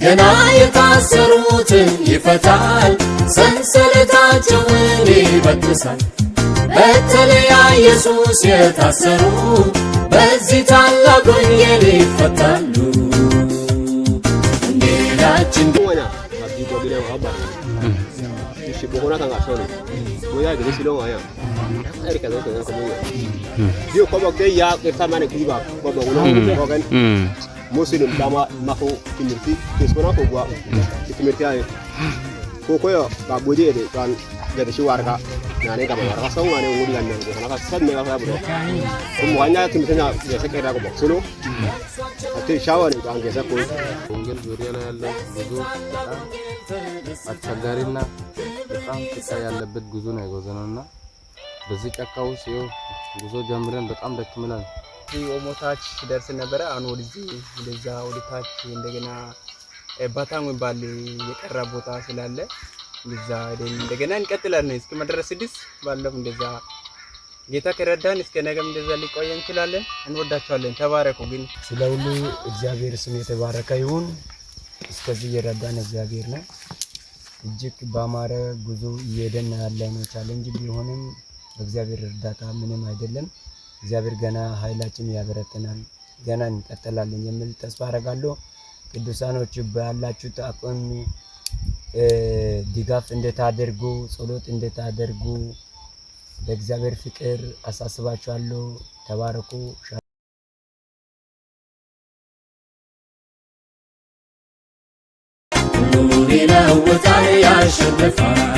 ገና የታሰሩትን ይፈታል፣ ሰንሰለታቸውን ይበጥሳል። በተለያ ኢየሱስ የታሰሩ በዚህ ታላቅ ወንጌል ይፈታሉ። እንጌላችን Mm. Mosin dama mako kinirti kesona ko gwa kimirti ay ko ko yo ba boje de kan gade shi warka nane kama warka sa ngane ngudi kan nang kana ka san ne ka sa bro ko mo anya kin tana ya sa kai da ko solo ate shawari kan ke sa ko ወንጌል ዙሪያ ላይ ያለው ጉዞ በጣም አስቸጋሪና በጣም ስቃይ ያለበት ጉዞ ነው የጎዘነውና በዚህ ጫካ ውስጥ ይኸው ጉዞ ጀምረን በጣም ደክመናል። ወሞታች ደርስ ነበረ። አሁን ወደዚህ ወደዛ ወደታች እንደገና ባታም የሚባል የቀራ ቦታ ስላለ እንደዛ እንደገና እንቀጥላለን እስከ መድረስ ስድስት ባለው እንደዛ ጌታ ከረዳን እስከ ነገም እንደዛ ሊቆየ እንችላለን። እንወዳቸዋለን። ተባረኩ። ግን ስለ ሁሉ እግዚአብሔር ስም የተባረከ ይሁን። እስከዚህ የረዳን እግዚአብሔር ነው። እጅግ በአማረ ጉዞ እየሄደን ያለ ነው። ቻለንጅ ቢሆንም በእግዚአብሔር እርዳታ ምንም አይደለም። እግዚአብሔር ገና ኃይላችን ያበረተናል፣ ገና እንቀጥላለን የሚል ተስፋ አደርጋለሁ። ቅዱሳኖች ባላችሁ አቅም ድጋፍ እንደታደርጉ፣ ጸሎት እንደታደርጉ በእግዚአብሔር ፍቅር አሳስባችኋለሁ። ተባረኩ። ይለውጣል፣ ያሸንፋል።